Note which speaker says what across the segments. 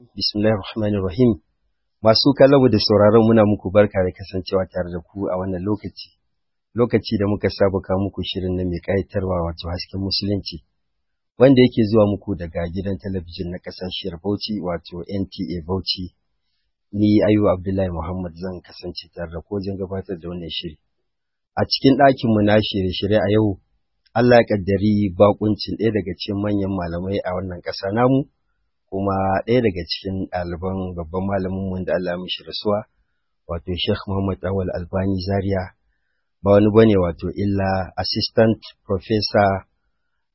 Speaker 1: Bismillahirrahmanirrahim. Masu kalabu da sauraron muna muku barka da kasancewa tare da ku a wannan lokaci. Lokaci da muka saba ka muku shirin na mai kayatarwa wato hasken musulunci. Wanda yake zuwa muku daga gidan talabijin na kasashiyar Bauchi wato NTA Bauchi. Ni Ayu Abdullahi Muhammad zan kasance tare da ku wajen gabatar da wannan shiri. A cikin ɗakinmu na shirye-shirye a yau, Allah ya ƙaddari bakuncin ɗaya daga cikin manyan malamai a wannan ƙasa namu. kuma ɗaya daga cikin ɗaliban babban malamin mu da Allah mishi rasuwa wato Sheikh Muhammad Awal Albani Zaria ba wani bane wato illa assistant professor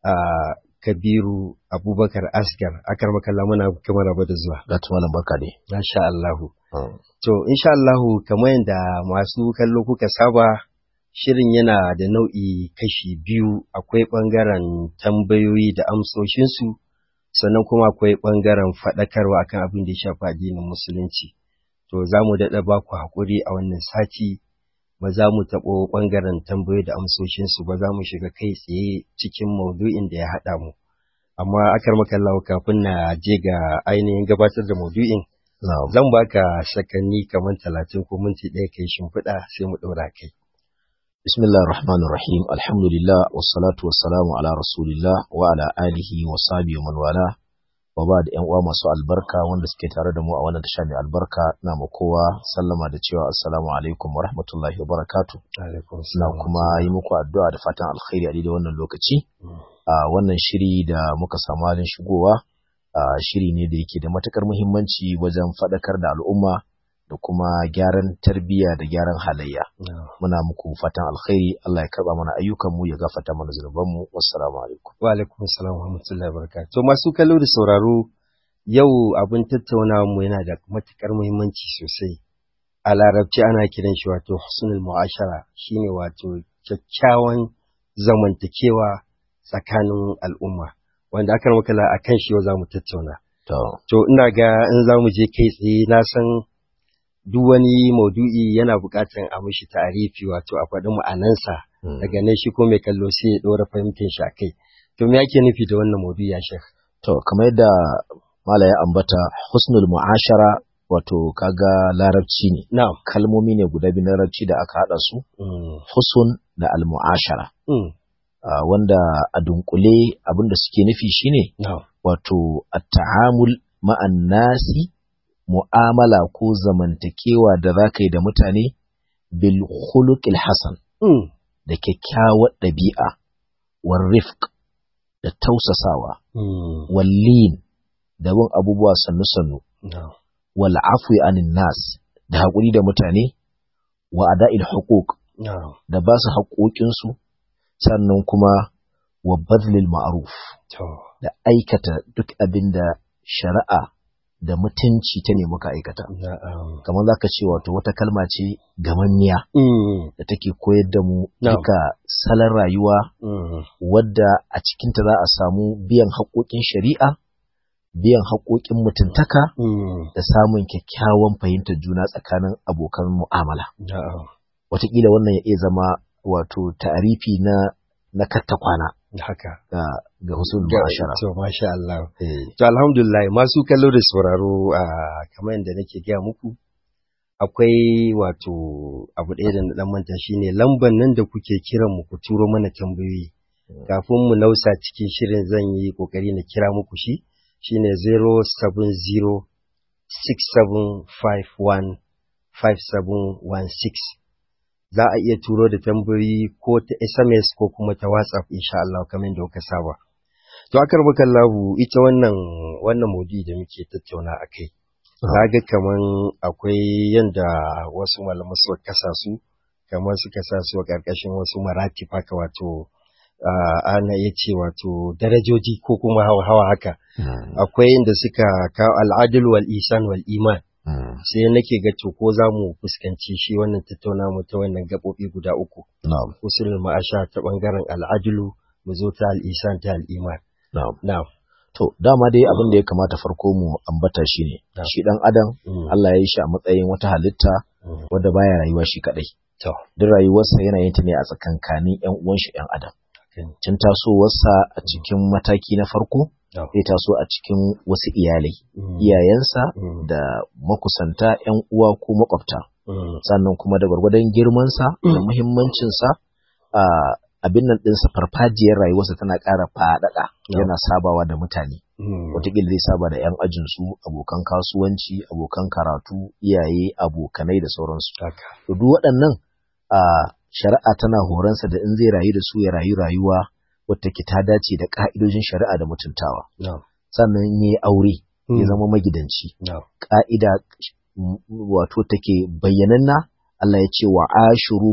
Speaker 1: a Kabiru Abubakar Asgar akar makalla muna kamar ba da zuwa.
Speaker 2: da malam baka ne. insha Allah. Hmm.
Speaker 1: To insha Allah kamar yadda masu kallo kuka saba shirin yana da nau'i kashi biyu akwai ɓangaren tambayoyi da amsoshinsu sannan kuma akwai ɓangaren faɗakarwa akan abin da ya shafi addinin musulunci to za mu daɗa ba ku haƙuri a wannan sati ba za mu taɓo ɓangaren tambayoyi da amsoshinsu ba za mu shiga kai tsaye cikin maudu'in da ya haɗa mu amma akar makallawa kafin na je ga ainihin gabatar da maudu'in zan baka sakanni kamar talatin ko minti ɗaya kai shimfiɗa
Speaker 3: sai mu ɗora kai
Speaker 2: بسم الله الرحمن الرحيم الحمد لله والصلاة والسلام على رسول الله وعلى آله وصحبه ومن والاه وبعد أن أوام سؤال البركة وأن سكتار دمو أو أن تشامي البركة نعم قوة سلم على السلام عليكم ورحمة الله وبركاته عليكم السلام كما يمكو الدعاء دفاتا الخير عليه وأن اللوكتي وأن شري دا مكسامال شقوة shiri ne da yake da matukar muhimmanci wajen faɗakar da al'umma da kuma gyaran tarbiyya da gyaran halayya muna muku fatan alkhairi Allah ya karba mana ayyukan mu ya gafarta mana zunuban mu wassalamu alaikum wa alaikum assalam wa rahmatullahi barakatuh
Speaker 1: to masu kallo da sauraro yau abin tattaunawa mu yana da matukar muhimmanci sosai a larabci ana kiran shi wato husnul mu'ashara shine wato kyakkyawan zamantakewa tsakanin al'umma wanda aka makala a kan shi yau za mu tattauna to ina ga in za mu je kai tsaye na san duk wani maudu'i yana buƙatar a mishi tarifi wato a faɗi ma'anansa hmm. daga nan shi ko mai kallo sai ya ɗora fahimtar shi a kai. To me yake nufi da wannan maudu'i ya shek?
Speaker 2: To kamar yadda Mala ya ambata husnul mu'ashara wato kaga larabci ne. Na'am. Kalmomi ne guda biyu larabci da aka haɗa su. Hmm. Husun da almu'ashara. muashara hmm. wanda a dunkule abin da suke nufi shine wato at-ta'amul ma'an nasi mu'amala ko zamantakewa da za ka yi da mutane bil khuluqil hasan hmm. da kyakkyawar ɗabi'a war rifq da tausasawa hmm. wal da bin abubuwa sannu sannu wal afwi anin nas da haƙuri da mutane wa ada'il huquq da ba su haƙoƙinsu sannan kuma wa badlil ma'ruf da aikata duk abin da shari'a da mutunci ta nemi ka aikata. Kamar za ka ce wato wata kalma ce gamanniya mm. da take koyar da mu duka salon rayuwa mm. wadda a cikinta za a samu biyan haƙoƙin shari'a, biyan haƙoƙin mutuntaka mm. da samun kyakkyawan fahimtar juna tsakanin abokan mu'amala. Wataƙila wannan ya iya zama wato ta'arifi na na katta kwana haka ga husnul mashara. to masha Allah eh. to alhamdulillah masu kallo da sauraro
Speaker 1: a kamar yadda nake gaya muku akwai wato abu ɗaya da na dan manta shine lamban nan da kuke kiran mu ku turo mana tambayoyi mm. kafin mu nausa cikin shirin zan yi ƙoƙari na kira muku shi shine 070 6751 5716 za a iya turo da tambari ko ta SMS ko kuma ta WhatsApp insha Allah kamar da kuka saba. To akar baka labu ita wannan wannan modi da muke tattauna a kai. Za ga kaman akwai yanda wasu malamai suka kasa su kamar suka sa su a ƙarƙashin wasu marati faka wato ana iya ce wato darajoji ko kuma hawa haka. Hmm. Akwai inda suka kawo al'adul wal isan wal iman. Hmm. sai nake ga to ko za mu fuskanci shi wannan tattauna mu ta wannan gaɓoɓi guda uku. Na'am. Usulul ma'asha ta ɓangaren al'adulu mu zo ta al'isan
Speaker 2: ta al'iman. Na'am. Na'am. To dama dai abin da ya kamata farko mu ambata shi ne, shi ɗan adam hmm. Allah ya yi shi a matsayin wata halitta hmm. wadda baya rayuwa shi kaɗai. To. Duk rayuwarsa yana yin ta ne a tsakankanin ‘yan uwan shi ‘yan adam. Tun tasowarsa a cikin mataki na farko zai taso a cikin wasu iyalai mm. iyayensa mm. da makusanta yan uwa ko makwabta mm. sannan kuma da gwargwadon girmansa da muhimmancinsa abin nan ɗinsa farfajiyar rayuwarsa tana ƙara faɗaɗa yana sabawa da mutane wataƙila zai saba da 'yan ajinsu abokan kasuwanci abokan karatu iyaye abokanai da sauransu duk waɗannan shari'a tana horonsa da in zai rayu da su ya rayu rayuwa wata ke ta dace da ka'idojin shari'a da mutuntawa sannan ya yi aure ya hmm. zama magidanci ka'ida wato take bayyananna Allah ya ce wa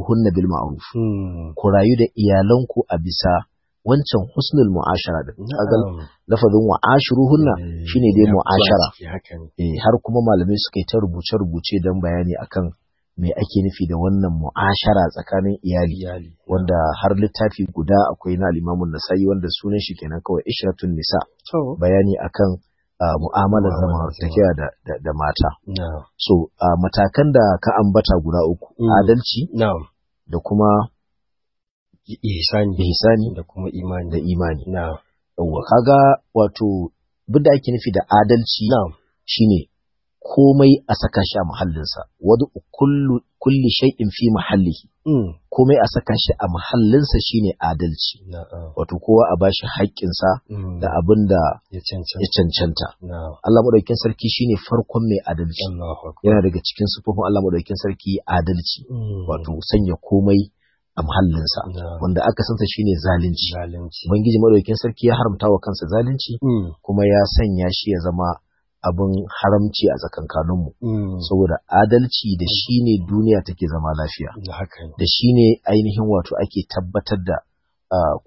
Speaker 2: hunna bil ma'ruf hmm. ku rayu da iyalanku a bisa wancan husnul mu'ashara din Agal lafazin wa hunna eh, shine dai mu'ashara eh, har kuma malamai suka yi ta rubuce rubuce dan bayani akan me ake nufi da wannan mu'ashara tsakanin iyali wanda har littafi guda akwai na limamun nasayi wanda sunan shi kenan kawai ishratun nisa bayani akan mu'amalar zamantakewa da mata so matakan da ka ambata guda uku mm. adalci da kuma ihsani da kuma imani da imani yawwa kaga wato duk ake nufi da adalci shine komai a saka shi a muhallinsa wadu kulli shay'in fi muhallihi hmm. komai a saka shi a muhallinsa shine adalci wato kowa a bashi haƙƙinsa hmm. da abin da ya cancanta Allah madaukakin sarki shine farkon mai adalci yana daga cikin sufofin Allah madaukakin sarki adalci hmm. wato sanya komai a muhallinsa wanda aka santa shine zalunci ubangiji madaukakin sarki ya haramta wa kansa zalunci kuma ya sanya shi ya zama abin haramci a tsakankaninmu mm. saboda adalci da shi ne duniya take zama lafiya da shi ne ainihin wato ake tabbatar da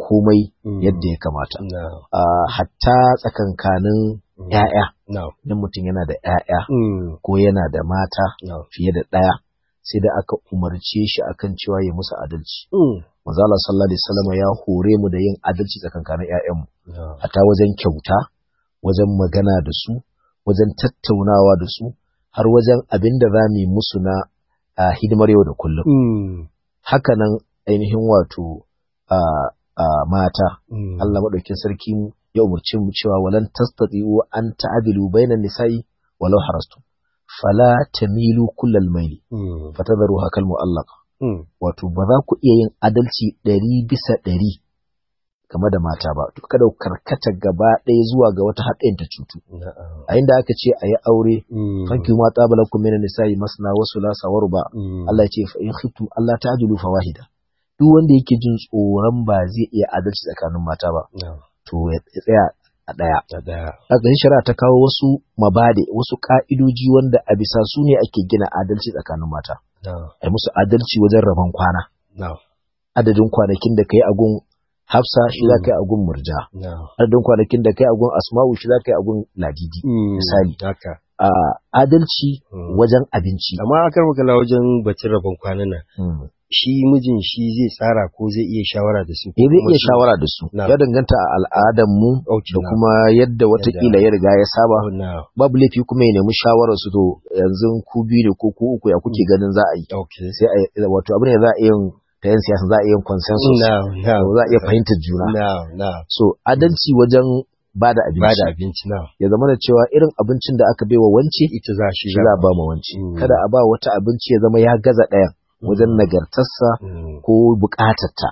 Speaker 2: komai mm. yadda ya kamata hatta tsakankanin ‘ya'ya mm. idan mutum yana da ‘ya'ya ko yana da mata fiye da ɗaya sai da aka umarce shi akan cewa ya musu adalci manzo sallallahu alaihi wasallam ya hore mu da yin adalci tsakankanin yayanmu hata wajen kyauta wajen magana da su wajen tattaunawa da su har wajen abin da za mu yi musu na a hidimar yau da kullum. Mm. Haka nan ainihin wato mata, mm. Allah maɗaukin sarki ya umarci mu cewa walan tastati'u an ta'adilu bainan nisa'i walau harastu. Fala tamilu kullal maili, mm. fatadaru hakal kalmu Wato ba za ku iya yin adalci ɗari bisa ɗari game da mata ba to kada karkata gaba ɗaya zuwa ga wata haɗin ta cutu a inda aka ce a yi aure mm. fanki ma tsabala ku mina nisa'i masna wasu wa ba mm. Allah ce fa in khiftu Allah ta ajulu fa wahida duk wanda yake jin tsoron ba zai iya adalci tsakanin mata ba to ya tsaya a ɗaya. A ƙarshen shari'a ta kawo wasu mabade, wasu ƙa'idoji wanda a bisa su ne ake gina adalci tsakanin mata. A musu adalci wajen rabon kwana. Adadin kwanakin da ka yi a gun hafsa shi za ka yi agun murja adadin kwanakin da kai agun asma'u shi za ka yi agun ladidi hmm, misali adalci hmm. wajen abinci amma a karmakala wajen bacin rabon kwanan hmm.
Speaker 1: shi mijin shi zai tsara ko zai iya
Speaker 2: shawara da su eh, zai iya shawara da su ya danganta a al'adar mu da kuma yadda watakila ya riga ya saba oh, babu laifi kuma ya nemi shawarar su to yanzu ku biyu ne ko ku uku ya kuke ganin za a yi sai wato abin da za a yi ta yan siyasa za a yin consensus za a iya fahimtar juna so adalci wajen bada da abinci. Bada abinci na. Ya zama da cewa irin abincin da aka baiwa wance ita za shi za ba ma wance. Mm. Kada a ba wata abinci ya zama ya gaza ɗayan wajen mm. nagartarsa mm. ko bukatarta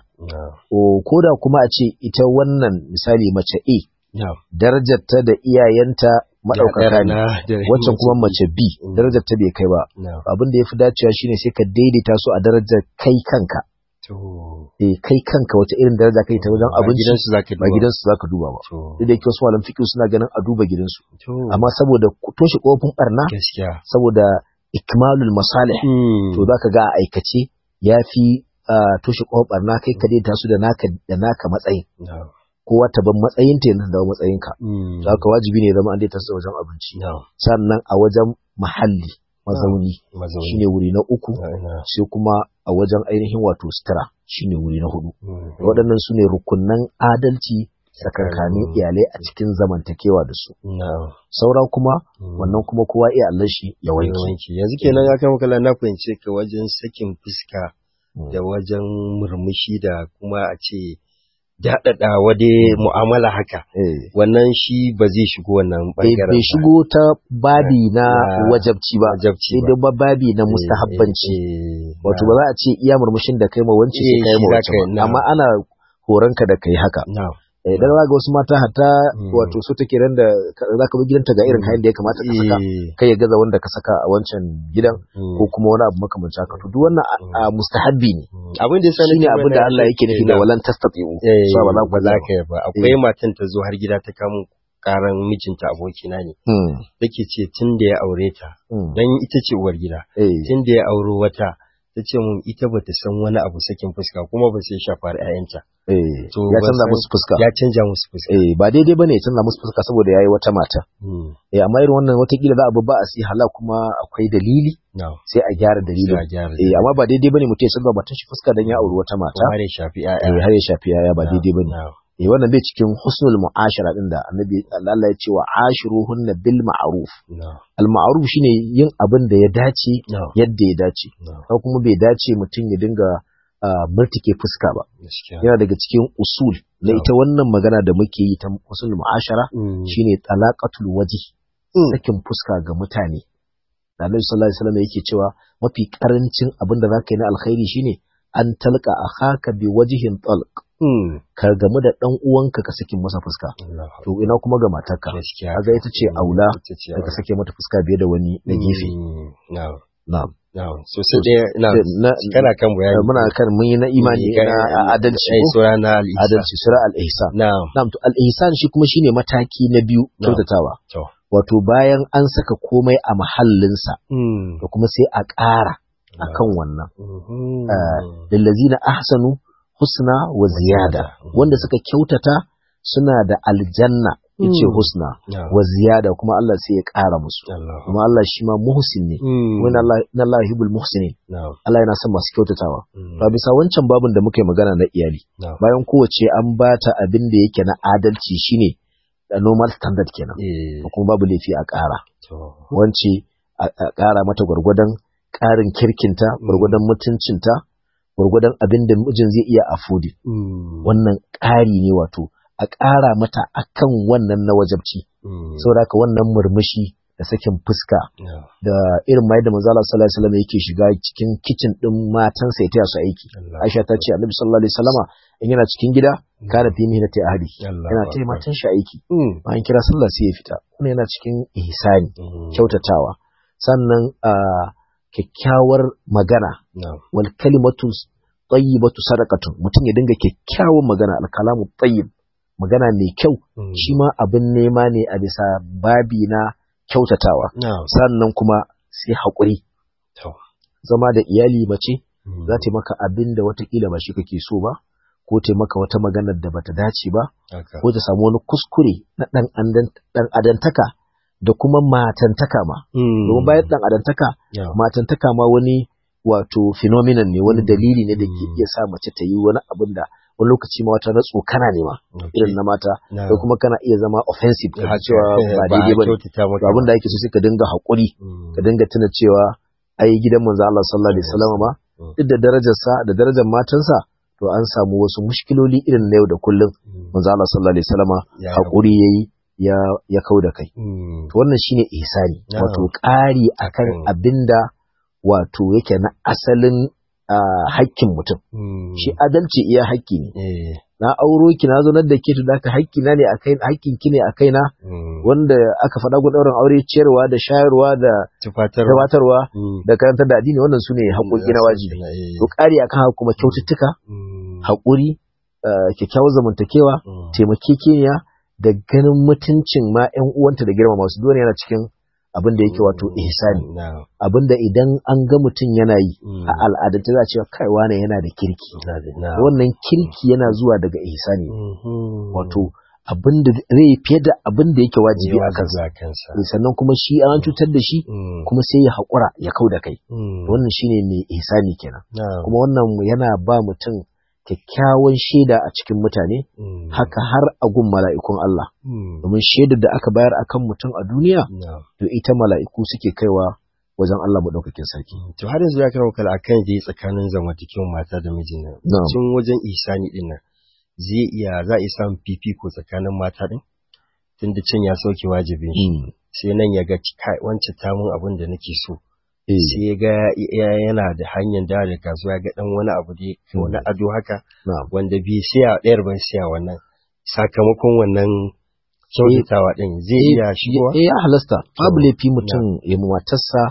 Speaker 2: Ko da kuma a ce ita wannan misali mace A. Darajarta da iyayenta maɗaukaka ne wacce kuma mace B darajarta bai kai ba. Abin da ya fi dacewa shine sai ka daidaita su a darajar kai kanka. eh kai kanka wace irin daraja kai ta wajen abinci ba gidansu zaka duba ba duk da yake wasu malam fiqh suna ganin a duba gidansu amma saboda toshe kofin barna saboda ikmalul masalih hmm. to zaka ga a aikace yafi toshe kofin barna kai ka daita su da naka da naka matsayi. kowa ta ban matsayin ta yanzu da matsayinka hmm. zaka wajibi ne zama an daita su wajen abinci sannan a wajen muhalli Ah, mazauni shine wuri na uku ah, sai kuma a wajen ainihin wato sutura shine wuri na hudu mm-hmm. waɗannan su ne rukunan adalci tsakankanin mm-hmm. iyalai a cikin zamantakewa da su saura kuma mm-hmm. wannan kuma kowa iya Allah shi ya wanke yanzu kenan ya kai na fahimce
Speaker 1: ka wajen sakin fuska mm. da wajen murmushi da kuma a ce
Speaker 2: daɗaɗa wade mu'amala
Speaker 1: haka eh.
Speaker 2: wannan shi ba zai shigo wannan eh, ɓangaren bai shigo ta babi eh, na wajabci ba sai da ba babi na mustahabbanci wato ba za a ce iya murmushin da kai ma wance sai kai ma wance amma ana horonka da kai haka eh dan zaga wasu mata hatta hmm. wato su take ran da zaka bi gidanta ga irin hayin hmm. da ya kamata ka saka eh. kai ya gaza wanda ka saka a wancan gidan hmm. ko kuma wani abu makamancin haka to duk wannan mustahabbi ne abin da yasa ne abin da Allah yake nufi da walan tastati'u so eh, ba za ku zaka ba akwai eh.
Speaker 1: matan ta zo har gida ta kamo karan mijinta abokina ne take ce tun da ya aure ta dan ita ce uwar gida tun da ya auro wata ta ce mun ita bata san wani abu sakin fuska kuma ba sai shafar ƴaƴanta
Speaker 2: eh ya canza musu fuska ya canza musu fuska eh ba daidai bane ya canza musu fuska saboda yayi wata mata hmm. eh amma irin wannan watakila za a ba a si halal kuma akwai dalili sai a gyara dalilin eh amma ba daidai bane mutum ya canza batun shi fuska dan ya auri wata mata har ya shafi ƴaƴa eh, har ya shafi ƴaƴa ba daidai bane eh wannan bai cikin husnul mu'ashara din da annabi Allah ya ce wa ashiruhunna bil ma'ruf al ma'ruf shine yin abin da ya dace yadda ya dace ko kuma bai dace mutum ya dinga murtike fuska ba yana daga cikin usul na ita wannan magana da muke yi ta husnul mu'ashara mm. shine talaqatul waji mm. sakin fuska ga mutane da Annabi sallallahu alaihi wasallam yake cewa mafi karancin abin da zaka yi na alkhairi shine an talqa akhaka bi wajihin talq Hmm. ka gamu da dan uwanka ka sakin masa fuska to ina kuma ga matarka kaga ita ce hmm. aula ka sake mata fuska biye da wani na hmm. gefe na'am
Speaker 3: so sai dai na
Speaker 2: kana kan bayani muna kan mun yi na imani na adalci sura na adalci sura al-ihsan na'am to al-ihsan shi kuma shine mataki na biyu kyautatawa wato bayan an saka komai a mahallinsa da kuma sai a ƙara akan wannan eh, lillazina ahsanu husna wa ziyada wanda suka kyautata suna da aljanna yace hmm. husna wa ziyada kuma Allah sai ya ƙara musu kuma Allah shi ma muhsin ne hmm. wani Allah yuhibbul muhsinin Allah yana son masu kyautatawa hmm. ba bisa wancan babin da muka yi magana na iyali bayan kowace an bata abin da yake na adalci shine normal standard kenan eh. kuma babu laifi a ƙara wance a ƙara mata gwargwadon karin kirkinta gwargwadon mutuncinta gwargwadon abin da mijin zai iya afodi. Hmm. wannan ƙari ne wato a ƙara mata akan wannan na wajabci hmm. saboda haka wannan murmushi da sakin fuska da irin mai da manzala sallallahu alaihi wasallam yake shiga cikin kitchen din matansa ya ta su aiki Aisha ta ce Annabi sallallahu alaihi wasallama in yana cikin gida hmm. kana fi mihi ta ahli yana ta matan shi aiki bayan kira sallah sai ya fita kuma yana cikin ihsani kyautatawa sannan a ah, kyakkyawar magana wal kalimatu tayyibatu sadaqatun mutum ya dinga kyakkyawar magana al kalamu tayyib magana mai kyau hmm. shi ma abin nema ne a bisa babi na kyautatawa sannan kuma sai haƙuri zama da iyali mace hmm. za ta maka abin da watakila ba shi kake so ba ko ta maka wata maganar da bata dace ba ko ta samu wani kuskure na dan adantaka da kuma matantaka ma hmm. domin bayan dan adantaka matantaka ma wani wato phenomenon ne wani hmm. dalili ne da ke hmm. iya sa mace ta yi wani abin da wani lokaci ma wata na kana ne ma irin na mata ko kuma kana iya zama offensive ka cewa ba daidai ba ne abin da ake so sai ka dinga haƙuri ka dinga tuna cewa ai gidan manzo Allah sallallahu alaihi wasallam ma duk da darajarsa da darajar matansa to an samu wasu mushkiloli irin na yau da kullum manzo Allah sallallahu alaihi wasallam haƙuri yayi ya ya da kai hmm. to wannan shine ihsani ah. wato ƙari akan hmm. abinda wato yake na asalin haƙƙin mutum hmm. shi adalci iya hakki ne eh. na auro ki na zonar da ke to da haƙƙi na ne kai haƙƙin ki ne akai na wanda aka faɗa gun ɗaurin aure ciyarwa da shayarwa da tufatarwa da karantar da addini wannan sune haƙoƙi na wajibi eh. to ƙari akan haka kuma kyaututtuka haƙuri eh, kyakkyawar zamantakewa taimakekeniya da ganin mutuncin ma ƴan uwanta da girma masu dole yana cikin abin da yake wato mm, ihsani abin da idan an ga mutum yana yi mm. a al'adance za a ce kai wane yana da kirki wannan kirki yana zuwa daga ihsani mm-hmm. wato abin da zai yi fiye da abin da yake wajibi a kansa eh, sannan kuma shi an cutar da shi mm. kuma sai ya haƙura ya kau da kai wannan shine mai ihsani kenan kuma wannan yana ba mutum kyakkyawan shaida a cikin mutane hmm. haka har a gun mala'ikun Allah hmm. domin shaidar da aka bayar akan mutum a duniya to ita mala'iku suke kaiwa wajen Allah maɗaukakin sarki. Hmm. To har yanzu ya kira wakala a kan zai tsakanin cikin
Speaker 1: mata da miji nan. Cin wajen isani ɗin nan zai iya za a samun fifiko tsakanin mata ɗin? Tunda cin ya sauke wajibin shi. Sai nan ya ga wancan tamun abin da nake so. Eh. sai ga yana da hanyar da da kasuwa ga dan wani abu da wani mm. ado haka wanda bi siya ɗayar ban siya wannan sakamakon
Speaker 2: wannan kyautatawa
Speaker 1: din zai eh, iya
Speaker 2: shigowa eh ya halasta babu laifi mutum ya mu matarsa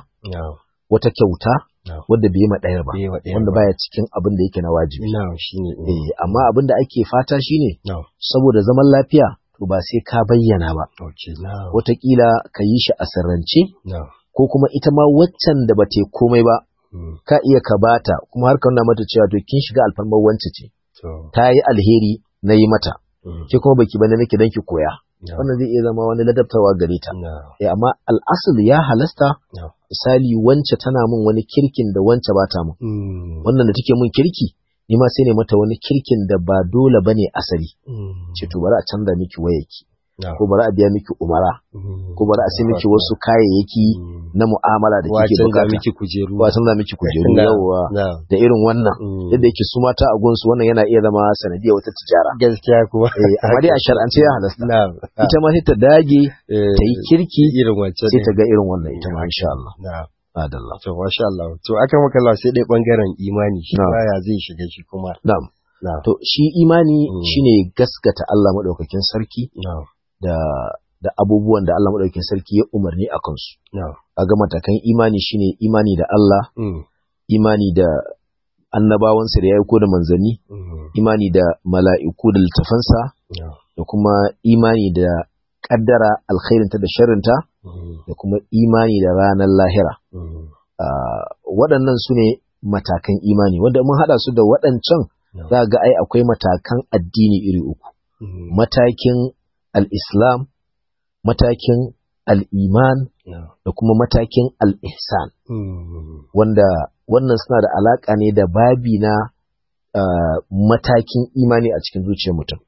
Speaker 2: wata kyauta wanda bai ma ɗayar ba wanda baya cikin abin da yake na wajibi eh, amma abin da ake fata shine saboda zaman lafiya to ba sai ka bayyana ba Wataƙila ka yi shi a sirrance ko kuma ita ma waccan da ba ta komai ba hmm. ka iya ka bata kuma har ka nuna mata cewa to kin shiga alfarmar wance ce ta yi alheri na yi mata hmm. ke kuma baki bane nake dan ki koya wannan zai iya zama wani ladabtawa gare ta eh amma al'asul ya halasta misali wance tana min wani kirkin da wance bata min
Speaker 3: hmm.
Speaker 2: wannan da take min kirki ni ma sai ne mata wani kirkin da ba dole bane asali ce to bari a canza miki wayarki ko bari a biya miki umara mm. ko bari a sai miki wasu mm. kayayyaki mm. na mu'amala da kike bukata miki kujeru wa san miki kujeru yawa da irin wannan yadda yake su mata a gunsu wannan yana iya zama sanadiyar wata tijara gaskiya kuma. eh amma dai a shar'ance ya halasta ita ma hita ta dage eh, ta yi kirki irin wancan sai ta ga irin wannan ita ma
Speaker 1: insha Allah na'am adalla to masha Allah to aka maka Allah sai dai bangaren imani shi baya zai
Speaker 2: shiga shi kuma na'am to shi imani shine gaskata Allah madaukakin sarki da da abubuwan da Allah maɗaukin sarki ya umarni a kansu. a ga matakan imani shine imani da Allah, mm. imani da annabawansa da ya ko da manzanni, mm. imani da mala'iku da littafansa, da kuma imani da ƙaddara alkhairinta da sharrinta, mm. da kuma imani da ranar lahira. Waɗannan su ne matakan imani, wanda mun haɗa su da waɗancan za ga ai akwai matakan addini iri uku. Matakin al-islam matakin al-iman da kuma matakin al-ihsan hmm. wanda wannan suna da alaƙa ne da babi na matakin imani a cikin zuciyar mutum.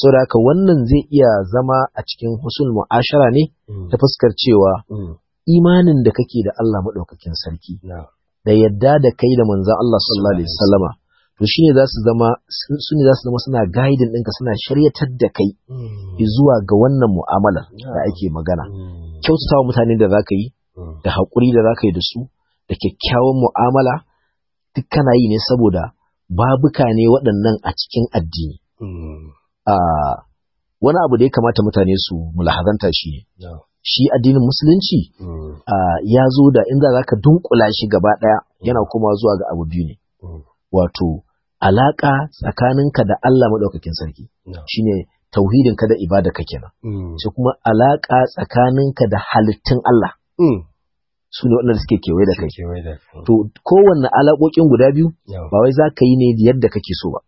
Speaker 2: Sau da haka wannan zai iya zama a cikin husul mu'ashara ne hmm. ta fuskar cewa hmm. imanin da kake da Allah maɗaukakin sarki da yadda da kai da manzan Allah sallallahu alaihi wasallama to shine za su zama su ne za su zama suna guiding ɗinka suna shiryatar da kai hmm. zuwa ga wannan mu'amalar da ake magana hmm. kyautatawa mutane da ka yi hmm. da haƙuri da zaka yi da su da kyakkyawan mu'amala duk kana yi ne saboda babuka ne waɗannan a cikin addini ah, wani abu da ya kamata mutane su mulahazanta shi ne shi addinin musulunci ah, ya zo da inda za ka dunkula shi gaba ɗaya yana kuma zuwa ga abu biyu ne wato Alaƙa tsakaninka da Allah maɗaukakin sarki shine tauhidin ka da ibada ka kenan mm. shi kuma alaka tsakaninka da halittun Allah mm. su ne waɗanda suke kewaye da kai to kowanne alaƙoƙin guda biyu ba wai za ka yi ne yadda kake so ba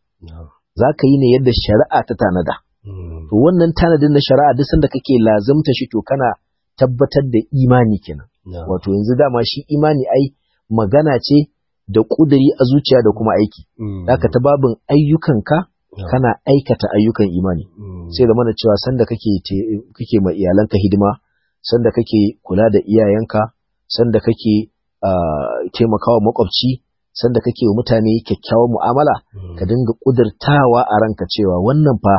Speaker 2: za ka yi ne yadda shari'a ta tanada mm. to wannan tanadin na shari'a duk sanda kake lazumta shi to kana tabbatar da imani kenan wato yanzu dama shi imani ai magana ce da ƙudiri a zuciya da kuma aiki haka mm. ta babin ayyukanka kana aikata ayyukan imani mm. sai da mana cewa sanda kake kake ma iyalanka hidima sanda kake kula da iyayenka sanda kake taimakawa makwabci sanda kake wa mutane kyakkyawar mu'amala mm. ka dinga ƙudurtawa a ranka cewa wannan fa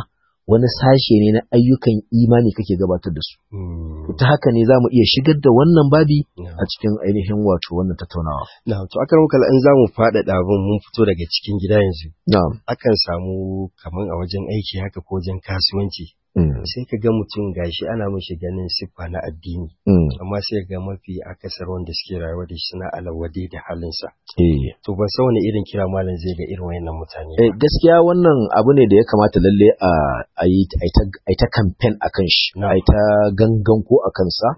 Speaker 2: wani sashe ne na ayyukan imani kake gabatar da su. Hmm. Ta haka ne za mu iya shigar da wannan babi a cikin ainihin wato wannan tattaunawa.
Speaker 1: Na to akan kala in za mu faɗaɗa abin mun fito daga cikin gida yanzu. Akan samu kamar a wajen aiki haka ko wajen kasuwanci. Mm. sai ka ga mutum gashi ana mishi ganin siffa na addini mm. amma sai ga mafi akasar wanda suke rayuwa da shi suna alawade da halinsa eh. to ban san wani irin kira malam zai ga irin
Speaker 3: wayannan mutane ba
Speaker 2: eh, gaskiya wannan abu ne da ya kamata lalle a yi ta campaign kan shi ayi ta gangan ko a sa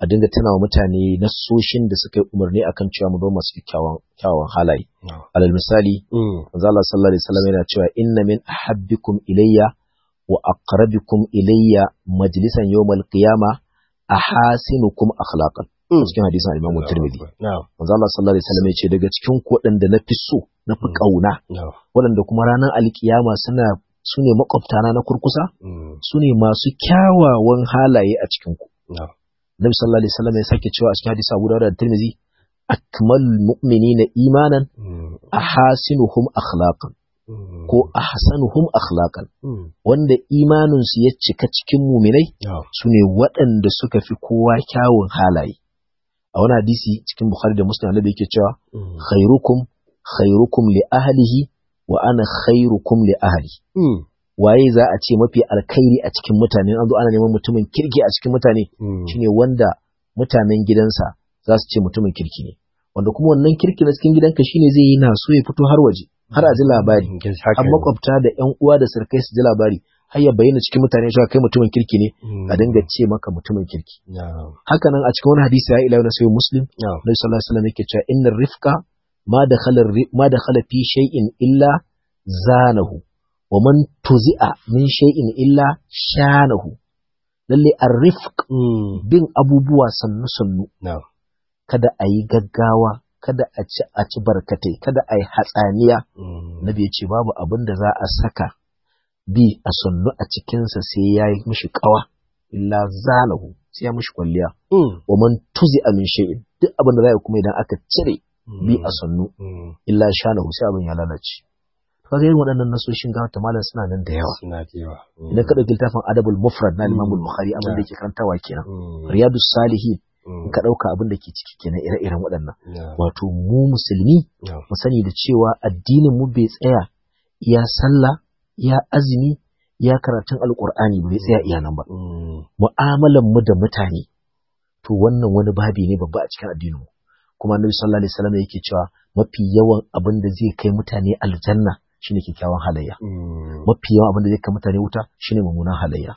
Speaker 2: a dinga tana wa mutane soshin da suka yi umarni akan cewa mu don masu kyawawan halaye alal misali mm. manzo Allah sallallahu alaihi wasallam yana cewa inna min ahabbikum ilayya wa aqrabikum ilayya majlisan yawmal qiyama ahasinukum akhlaqan mm. cikin hadisin Imam Tirmidhi manzo Allah sallallahu alaihi wasallam yace daga cikin ku wadanda na fi so na fi kauna wadanda kuma ranar alkiyama suna sune makwabtana na kurkusa mm. sune masu kyawawan halaye a cikin ku Nabi sallallahu alaihi wasallam ya sake cewa a cikin hadisi Abu Dawud da Tirmidhi akmal mu'minina imanan mm. ahasinuhum akhlaqan ko ahsanuhum akhlaqan hmm. wanda imaninsu ya cika cikin muminai sune waɗanda suka fi kowa kyawun halaye a wani hadisi cikin bukhari da muslim annabi yake cewa hmm. khairukum khairukum li ahlihi wa ana khairukum li ahli hmm. waye za a ce mafi alkhairi a cikin mutane an zo ana neman mutumin kirki a cikin mutane shine wanda mutanen gidansa za su ce mutumin kirki ne wanda kuma wannan kirki na cikin gidanka shine zai yi na ya fito har waje har a ji labari an makwabta da yan uwa da sarkai su ji labari har ya bayyana cikin mutane cewa kai mutumin kirki ne mm. a dinga ce maka mutumin kirki haka nan a cikin wani hadisi ya ila na sayyid muslim nabi sallallahu alaihi wasallam yake cewa inna rifqa ma da ma fi shay'in illa zanahu wa man tuzi'a min shay'in illa shanahu lalle a mm. bin abubuwa sannu sannu kada a yi gaggawa kada a ci a ci barkatai kada a yi hatsaniya mm. nabi ya ce babu abin da za a saka bi a sannu a cikinsa sai ya yi mishi kawa illa zalahu sai ya mishi kwalliya mm. wa man tuzi a shay'in duk abin da za a kuma idan aka cire mm. bi a sannu illa shanahu sai abin ya lalace ga irin waɗannan nasoshin ga ta malam suna nan da yawa suna da yawa idan ka ɗauki littafin adabul mufrad na imamul bukhari abin da yake karantawa kenan riyadus salihin Mm. ka ɗauka abin da ke ciki kenan ire-iren waɗannan wato mu musulmi mu sani da cewa addinin mu bai tsaya ya sallah ya azumi ya karatun alkur'ani bai tsaya iya nan ba mm. mu'amalan mu da mutane to wannan wani babi ne babba a cikin addinin mu kuma annabi sallallahu alaihi wasallam yake cewa mafi yawan abin da zai kai mutane aljanna shine kyakkyawan halayya mm. mafi yawan abin da zai kai mutane wuta shine mummunan halayya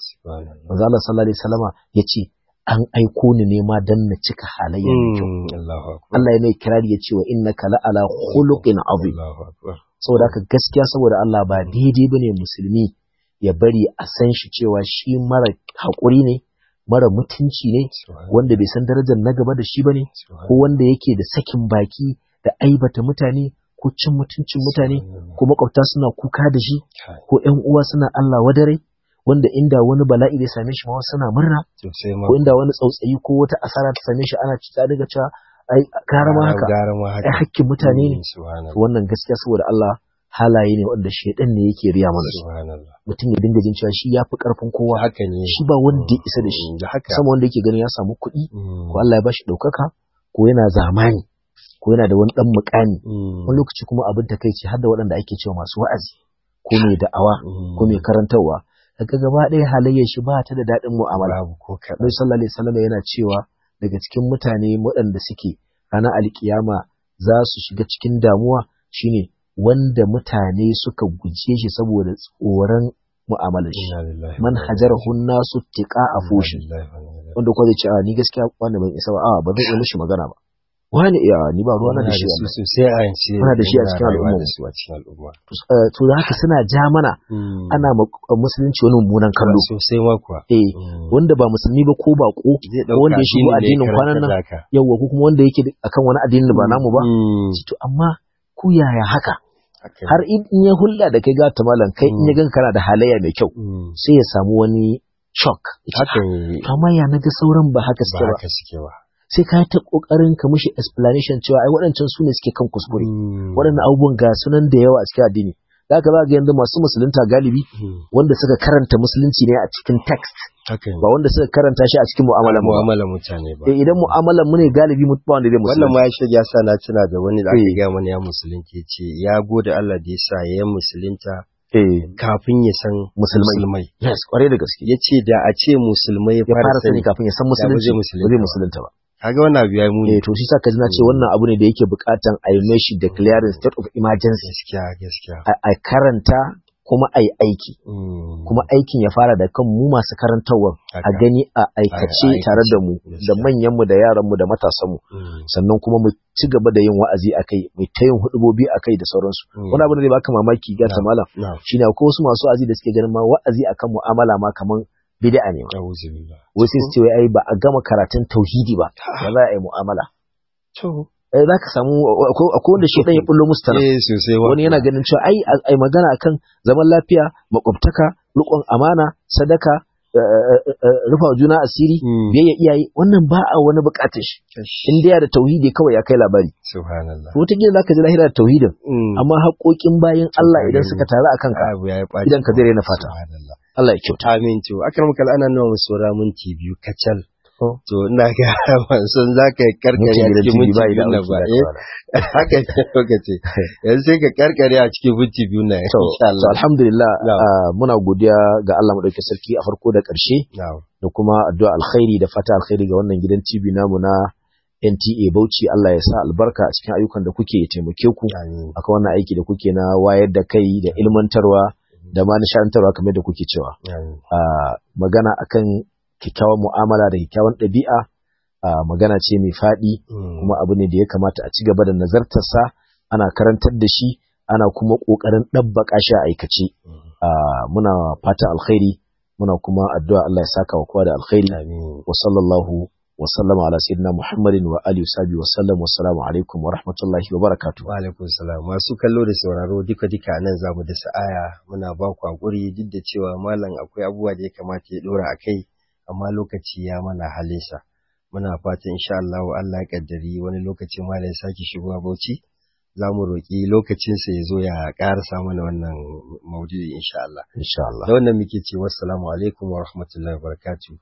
Speaker 2: manzo Allah sallallahu alaihi wasallama yace an aiko ni ne ma dan na cika halayya mm, Allah ya mai kirari ya ce wa innaka la ala khuluqin azim saboda haka gaskiya saboda Allah ba mm. daidai bane musulmi ya bari a san shi cewa shi mara hakuri ne mara mutunci ne wanda bai san darajar na gaba da shi bane ko wanda yake da sakin baki da aibata mutane ko cin mutuncin mutane ko makwabta suna kuka da shi ko ƴan uwa suna Allah wadare wanda inda wani bala'i da same shi ma wasu suna murna ko inda wani tsautsayi ko wata asara ta same shi ana cika daga cewa ai karama haka ai hakkin mutane ne mm, wannan gaskiya saboda Allah halaye ne wanda shedan ne yake riya mana su mutum ya dinga jin cewa shi ya fi karfin kowa haka ne shi ba wanda isa da shi mm, sama wanda yake ganin ya samu kuɗi mm. ko Allah ya bashi ɗaukaka ko yana zamani ko yana da wani ɗan mukami wani lokaci kuma abin takaici har da waɗanda ake cewa masu wa'azi ko mai da'awa ko mai karantarwa daga gaba ɗaya halayyar shi ba ta da daɗin mu'amala ko kaɗai sallallahu alaihi yana cewa daga cikin mutane waɗanda suke ranar alkiyama za su shiga cikin damuwa shine wanda mutane suka guje shi saboda tsoron mu'amalar shi man hunna su tiƙa a fushin wanda kwa zai ce a ni gaskiya wanda ban isa ba a ba zan yi mishi magana ba wani iya ni ba ruwa na da shi su a da shi a cikin al'umma da su
Speaker 3: a cikin al'umma
Speaker 2: eh, to da haka suna ja mana hmm. ana eh, musulunci wani mummunan kallo sosai ma kuwa eh hmm. wanda ba musulmi ba ko ba ko wanda ya shigo addinin kwanan nan yawwa ko kuma wanda yake akan wani addinin ba hmm. namu ba to amma ku yaya haka har in ya hulla da kai ga ta kai in ya gan kana da halayya mai kyau sai ya samu wani shock haka amma ya ga sauran ba haka suke ba sai ka ta kokarin ka mushi explanation cewa ai waɗancan su ne suke kan kuskure hmm. waɗannan abubuwan ga sunan da yawa a cikin addini za ka ga yanzu masu musulunta galibi hmm. wanda suka karanta musulunci ne a cikin text ba wanda suka karanta shi a cikin mu'amala mu mutane ba eh idan mu'amalar mu ne galibi ba wanda zai musulunci wannan ma ya
Speaker 1: shirya sa na tuna da wani da aka eh. ga mana ya musulunci ce ya gode Allah da ya ya musulunta eh. kafin ya san
Speaker 2: musulmai yes kware da gaske yace da a ce musulmai ya fara sani kafin ya san musulunci ba zai musulunta ba kaga wannan abu yayi muni eh, to shi saka na ce hmm. wannan abu ne da yake bukatan a yi da declaring state of emergency
Speaker 3: gaskiya gaskiya
Speaker 2: a karanta kuma a yi aiki hmm. kuma aikin ya fara da kan mu masu karantarwa a gani a aikace tare da mu da manyanmu da yaranmu da matasanmu hmm. sannan kuma mu ci gaba da yin wa'azi a kai mu ta yin hudubobi a kai da sauransu wani abu da zai baka mamaki ga ta malam shine akwai wasu masu wa'azi da suke ganin ma wa'azi akan mu'amala ma kaman bid'a ne wai sai su ce ai ba a gama karatun tauhidi ba ba za a yi mu'amala to eh za ka samu akwai wanda shi ya bullo musu tara eh, wani yana ganin cewa ai ai magana akan zaman lafiya makwabtaka rukun amana sadaka eh, eh, rufa juna asiri hmm. biyayya iyaye wannan ba a wani bukatar shi in dai da tauhidi kawai ya kai labari subhanallah wata gida zaka ji lahira da tauhidin hmm. amma haƙoƙin bayan Allah idan suka taru akan ka idan ka zai na fata subhanallah
Speaker 1: Allah ya kyauta. Amin to akram kal ana nawa mu sura ti biyu kacal. Oh. To ina ga manson zaka karkare a cikin minti biyu na ba. Eh, haka lokaci.
Speaker 2: Yanzu sai ka karkare a cikin minti biyu na insha Allah. alhamdulillah ah, muna godiya ga Allah mu dauke sarki a farko da karshe. Da kuma addu'a alkhairi da fata alkhairi ga wannan gidan TV namu na NTA Bauchi Allah ya sa albarka a cikin ayyukan da kuke ya taimake ku akan wannan aiki da kuke na wayar da kai da ilmantarwa. da ma nishantarwa kamar da kuke cewa A magana akan kyakkyawan mu'amala da kyakkyawan ɗabi'a magana ce mai faɗi mm. kuma abu ne da ya kamata a ci gaba da sa ana karantar da shi ana kuma ƙoƙarin ɗabbaƙa shi a aikace muna fata alkhairi muna kuma addu'a Allah ya saka wa kowa da alkhairi wa sallallahu وسلم على سيدنا محمد وآله وصحبه وسلم والسلام عليكم ورحمة الله وبركاته وعليكم السلام masu kallo da sauraro duka duka
Speaker 1: nan zamu da sa'aya muna ba ku hakuri duk da cewa malam akwai abubuwa da ya kamata ya dora akai amma lokaci ya mana halinsa muna fatan insha Allah Allah ya kaddari wani lokaci malam ya saki shigowa Bauchi za mu roƙi lokacinsa ya zo ya karasa
Speaker 3: mana wannan maudu'i insha Allah insha Allah da wannan muke ce wassalamu alaikum wa rahmatullahi wa barakatuh